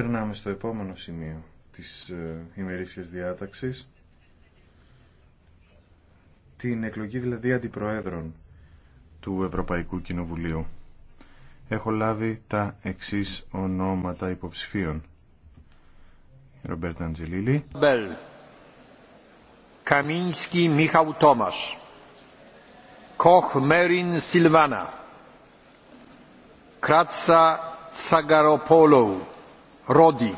Περνάμε στο επόμενο σημείο της ε, ημερήσιας διάταξης. Την εκλογή δηλαδή αντιπροέδρων του Ευρωπαϊκού Κοινοβουλίου. Έχω λάβει τα εξής ονόματα υποψηφίων. Ρομπέρτα Αντζελίλη. Μπέλ. Καμίνσκι Μίχαου Τόμας. Κοχ Μέριν Σιλβάνα. Κράτσα Τσαγκαροπόλου. Rodi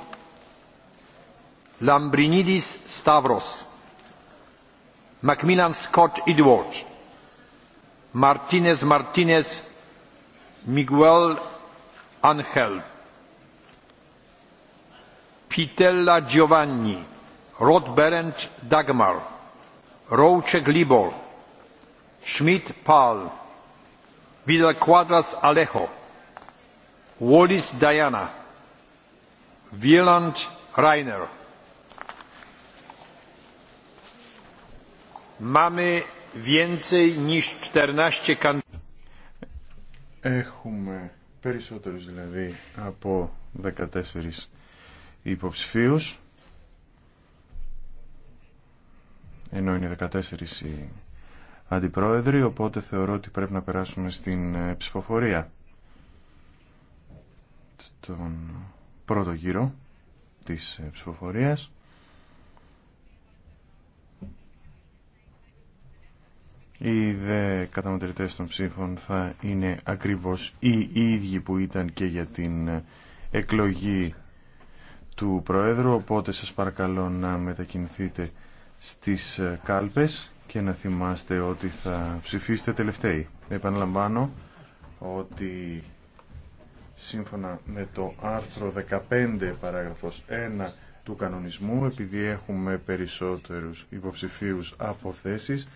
Lambrinidis Stavros Macmillan Scott Edward Martinez Martinez Miguel Angel Pitella Giovanni Rod Berend Dagmar Rouczek Libor Schmidt Paul Vidal Quadras Alejo Wallis Diana Wieland Reiner. Έχουμε περισσότερους δηλαδή από 14 υποψηφίους ενώ είναι 14 οι αντιπρόεδροι οπότε θεωρώ ότι πρέπει να περάσουμε στην ε, ψηφοφορία στον πρώτο γύρο της ε, ψηφοφορίας. Οι δε καταμετρητές των ψήφων θα είναι ακριβώς οι ίδιοι που ήταν και για την ε, εκλογή του Προέδρου, οπότε σας παρακαλώ να μετακινηθείτε στις ε, κάλπες και να θυμάστε ότι θα ψηφίσετε τελευταίοι. Επαναλαμβάνω ότι σύμφωνα με το άρθρο 15 παράγραφος 1 του κανονισμού, επειδή έχουμε περισσότερους υποψηφίους αποθέσεις,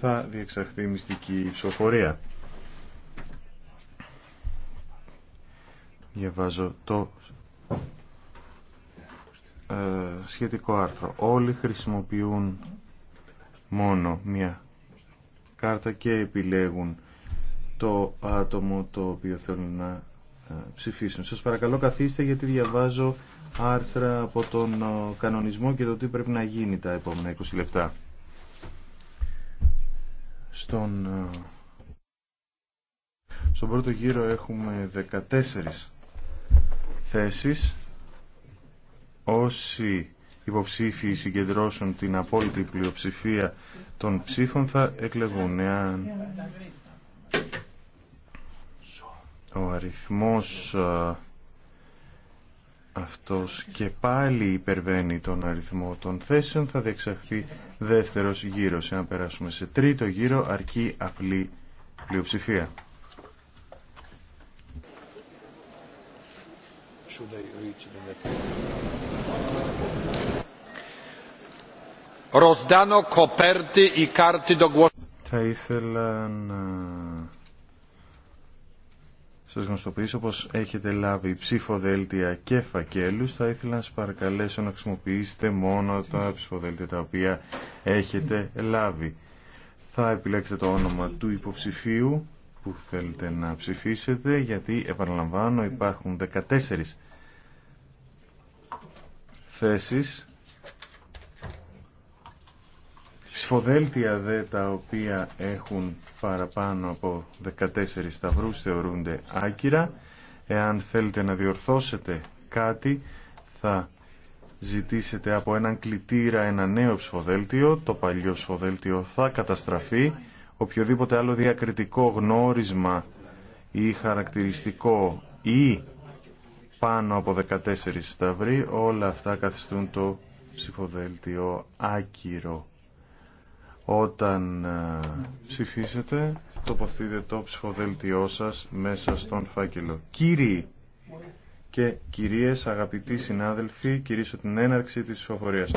θα διεξαχθεί μυστική ψηφοφορία. Διαβάζω το ε, σχετικό άρθρο. Όλοι χρησιμοποιούν μόνο μία κάρτα και επιλέγουν το άτομο το οποίο θέλουν να ε, ψηφίσουν. Σας παρακαλώ καθίστε γιατί διαβάζω άρθρα από τον ε, κανονισμό και το τι πρέπει να γίνει τα επόμενα 20 λεπτά. Στον, ε, στον πρώτο γύρο έχουμε 14 θέσεις. Όσοι υποψήφοι συγκεντρώσουν την απόλυτη πλειοψηφία των ψήφων θα εκλεγούν. Εάν ο αριθμός ε, αυτός και πάλι υπερβαίνει τον αριθμό των θέσεων θα διεξαχθεί δεύτερος γύρος. Εάν περάσουμε σε τρίτο γύρο αρκεί απλή πλειοψηφία. Θα ήθελα να σας γνωστοποιήσω πως έχετε λάβει ψηφοδέλτια και φακέλου. Θα ήθελα να σας παρακαλέσω να χρησιμοποιήσετε μόνο τα ψηφοδέλτια τα οποία έχετε λάβει. Θα επιλέξετε το όνομα του υποψηφίου που θέλετε να ψηφίσετε, γιατί επαναλαμβάνω υπάρχουν 14 θέσεις Σφοδέλτια δε τα οποία έχουν παραπάνω από 14 σταυρούς θεωρούνται άκυρα. Εάν θέλετε να διορθώσετε κάτι θα ζητήσετε από έναν κλητήρα ένα νέο ψηφοδέλτιο, το παλιό ψηφοδέλτιο θα καταστραφεί, οποιοδήποτε άλλο διακριτικό γνώρισμα ή χαρακτηριστικό ή πάνω από 14 σταυροί, όλα αυτά καθιστούν το ψηφοδέλτιο άκυρο. Όταν ε, ψηφίσετε, τοποθείτε το ψηφοδέλτιό σας μέσα στον φάκελο. Κύριοι και κυρίες, αγαπητοί συνάδελφοι, κηρύσω την έναρξη της ψηφοφορίας.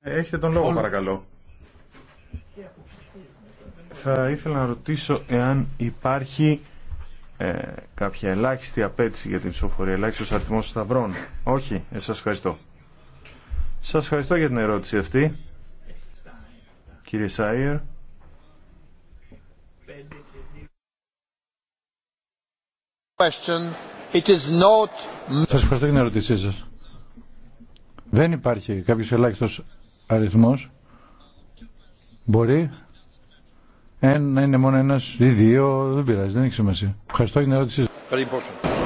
Έχετε τον λόγο παρακαλώ. Θα ήθελα να ρωτήσω εάν υπάρχει ε, κάποια ελάχιστη απέτηση για την ψηφοφορία, ελάχιστος αριθμός σταυρών. Όχι, ε, σας ευχαριστώ. Σας ευχαριστώ για την ερώτηση αυτή, κύριε Σάιερ. question. Σας ευχαριστώ για την ερωτησή σας. Δεν υπάρχει κάποιος ελάχιστος αριθμός. Μπορεί να είναι μόνο ένας ή δύο, δεν πειράζει, δεν έχει σημασία. Ευχαριστώ για την ερώτησή σας.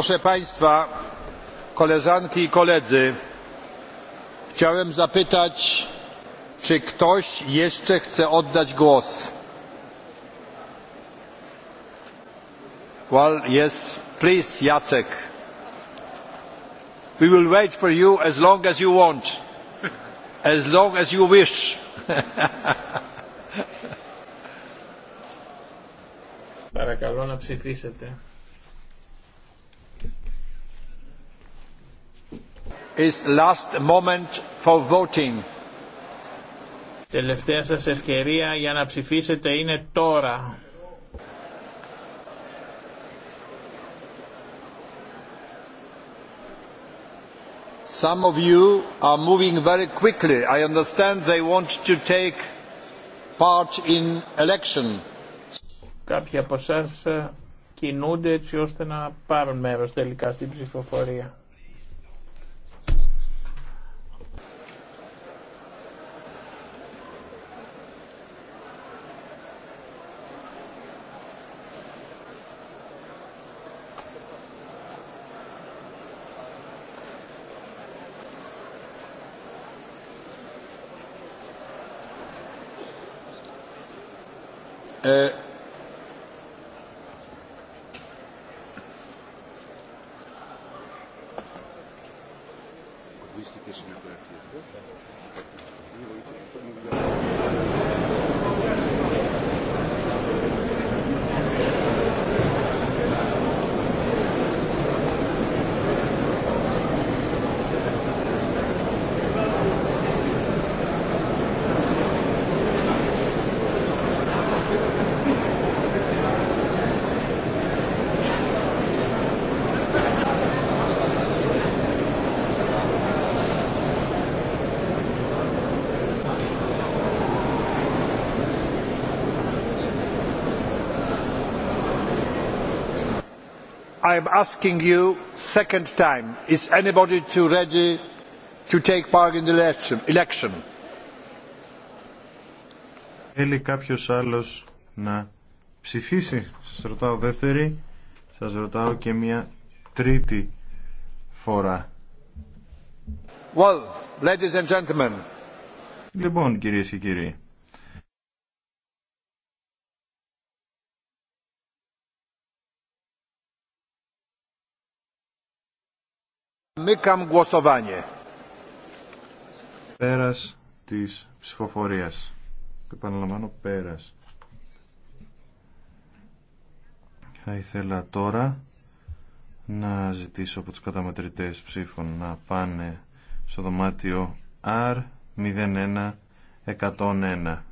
Proszę Państwa, koleżanki i koledzy, chciałem zapytać, czy ktoś jeszcze chce oddać głos? Well, yes, please, Jacek. We will wait for you as long as you want, as long as you wish. Παρακαλώ να ψηφίσετε. is last moment for voting. Τελευταία σας ευκαιρία για να ψηφίσετε είναι τώρα. Some of you are moving very quickly. I understand they want to take part in election. Κάποιοι από εσάς ε, κινούνται έτσι ώστε να πάρουν μέρος τελικά στην ψηφοφορία. Ε, I am asking you second time, is anybody too ready to take part in the election? Θέλει κάποιος άλλος να ψηφίσει. Σας ρωτάω δεύτερη, σας ρωτάω και μια τρίτη φορά. Well, ladies and gentlemen. Λοιπόν, κυρίες και κύριοι. τη Πέρας της ψηφοφορίας. Επαναλαμβάνω πέρας. Θα ήθελα τώρα να ζητήσω από τους καταμετρητές ψήφων να πάνε στο δωμάτιο R01101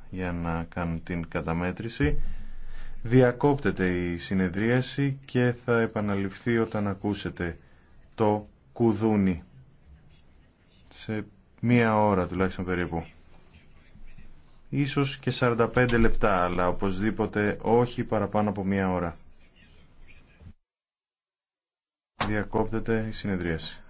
για να κάνουν την καταμέτρηση. Διακόπτεται η συνεδρίαση και θα επαναληφθεί όταν ακούσετε το κουδούνι. Σε μία ώρα τουλάχιστον περίπου. Ίσως και 45 λεπτά, αλλά οπωσδήποτε όχι παραπάνω από μία ώρα. Διακόπτεται η συνεδρίαση.